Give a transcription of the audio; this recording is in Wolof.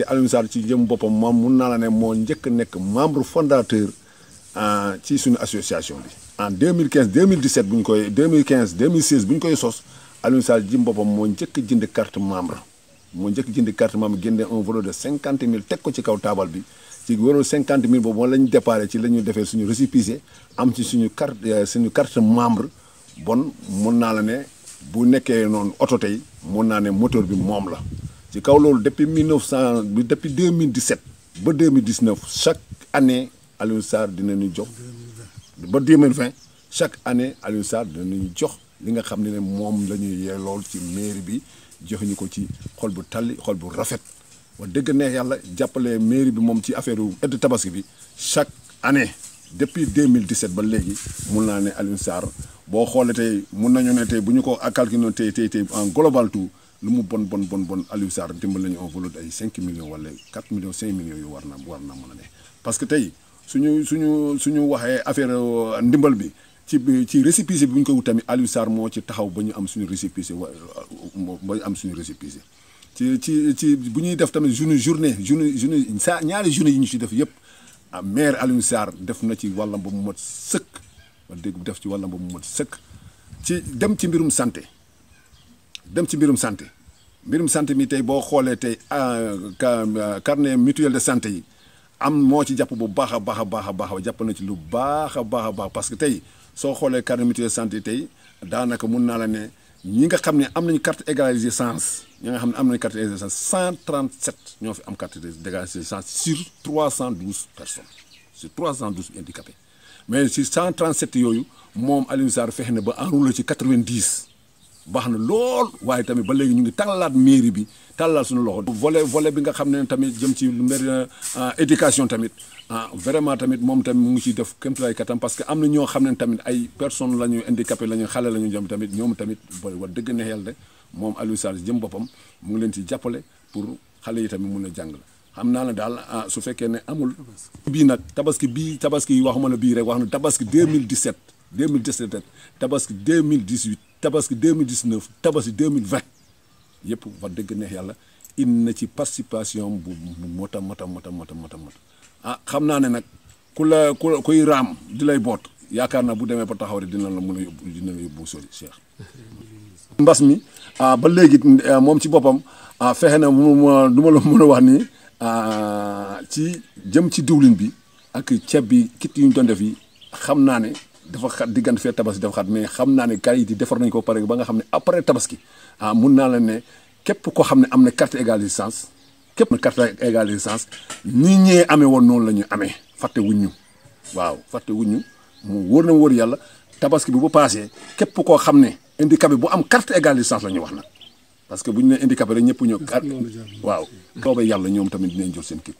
te Alioune ci jëm boppam moom mun naa la ne moo njëkk nekk membre fondateur euh, ci suñu association bi en 2015 2017 bu ñu koy 2015 2016 bu ñu koy sos Alioune Sarr jëm boppam moo njëkk jënd carte membre moo njëkk jënd carte membre génne un volume de 50 000 teg ko ci kaw taabal bi ci wóolu 50 000 boobu moom lañu ñu déparé ci la ñu defee suñu récépissé am ci suñu carte euh, suñu carte membre bon mun naa la ne bu nekkee noonu oto tey mun naa ne moteur bi moom la depuis 1900, depuis 2017, chaque année Sarr dinañu jox ba 2020, chaque année à Sarr dinañu jox li nga xam ne ne moom la ci mairie bi ko ci rafet bi ci tabaski bi chaque année depuis 2017 ba Sarr boo xoolee tey mun ko en global tout lu mu bon bon bon bon Aliou Sarr dimbali nañu au voleur ay 5 millions wala 4 millions 5 millions yu war na war na mën a ne parce que tey suñu suñu suñu waxee affaire euh, ndimbal bi ci ci récépissé bi bu ñu ko wut tamit Aliou Sarr moo ci taxaw ba ñu am suñu récépissé wa euh, ba ñu am suñu récépissé ci ci ci bu ñuy def tamit journée journée journée journée saa ñaari journée yi ñu ci def yëpp ah maire Aliou Sarr def na ci wàllam ba mu mot sëkk wax dëgg def ci wàllam ba mu mot sëkk ci dem ci mbirum santé. dem ci mbirum santé mbirum santé mi tey boo xoolee tey ah, carnet mutuel de santé yi am moo ci jàpp bu baax a baax a baax a baax jàpp na ci lu baax a baax a baax parce que tey soo xoolee carnet mutuel de santé yi tey daanaka mun naa la ne ñi nga xam ne am nañu carte égalisée chance ñi nga xam ne am nañu carte d'égalité chance 137 ñoo fi am carte égalisée chance sur 312 personnes sur 312 handicapés mais si 137 yooyu moom Alioune Sarr fexe na ba enroulé ci 90. baax na lool waaye tamit ba léegi ñu ngi tàllalaat mairie bi tàllal suñu loxo. volet volet bi nga xam ne tamit jëm ci lu mel euh, éducation tamit ah vraiment tamit moom tamit mu ngi ciy def kéemtulaay kattan parce que am na ñoo xam ne tamit ay personnes la ñuy handicapé la ñuy xale la ñuy jëm tamit ñoom tamit booy wax dëgg ne yàlla de moom Aliou Sall jëm boppam mu ngi leen ci jàppale pour xale yi tamit mun a jàng la xam naa ne daal euh, su fekkee ne amul. bii nag tabaski bii tabaski waxuma la bii rek wax na tabaski 2017 2017 tabaski 2018. tabaski 2019 tabaski 2020 yëpp wax dëgg neex yàlla indi na ci participation bu mota mota mota mota mota ah xam naa ne nag ku la ku kuy raam di lay boot yaakaar naa bu demee ba taxaw rek dina la mën a yóbbu dina la yóbbu sori Cheikh. mbas mi ah, ba léegi ah, moom ci boppam a ah, fexe na mu ma du mu la mën a wax ni ci jëm ci diwlin bi ak ceeb bi kit yu ñu doon def yi xam naa ne. dafa xat diggante fee tabaski dafa xat mais xam naa ne qualité defar nañu ko pare ba nga xam ne après tabaski ah mun naa la ne képp koo xam ne am na carte égale licence képp na carte égale licence ni amee woon noonu la ñu amee fàtte wuñ ñu waaw fàtte wuñ mu wóor na wóor yàlla tabaski bi bu paasee képp koo xam ne indi handicapé bu am carte égale licence la ñu wax nag parce que bu ñu nee handicapé rek ñëpp ñoo. carte waaw. boobee yàlla ñoom tamit dinañ jël seen kii.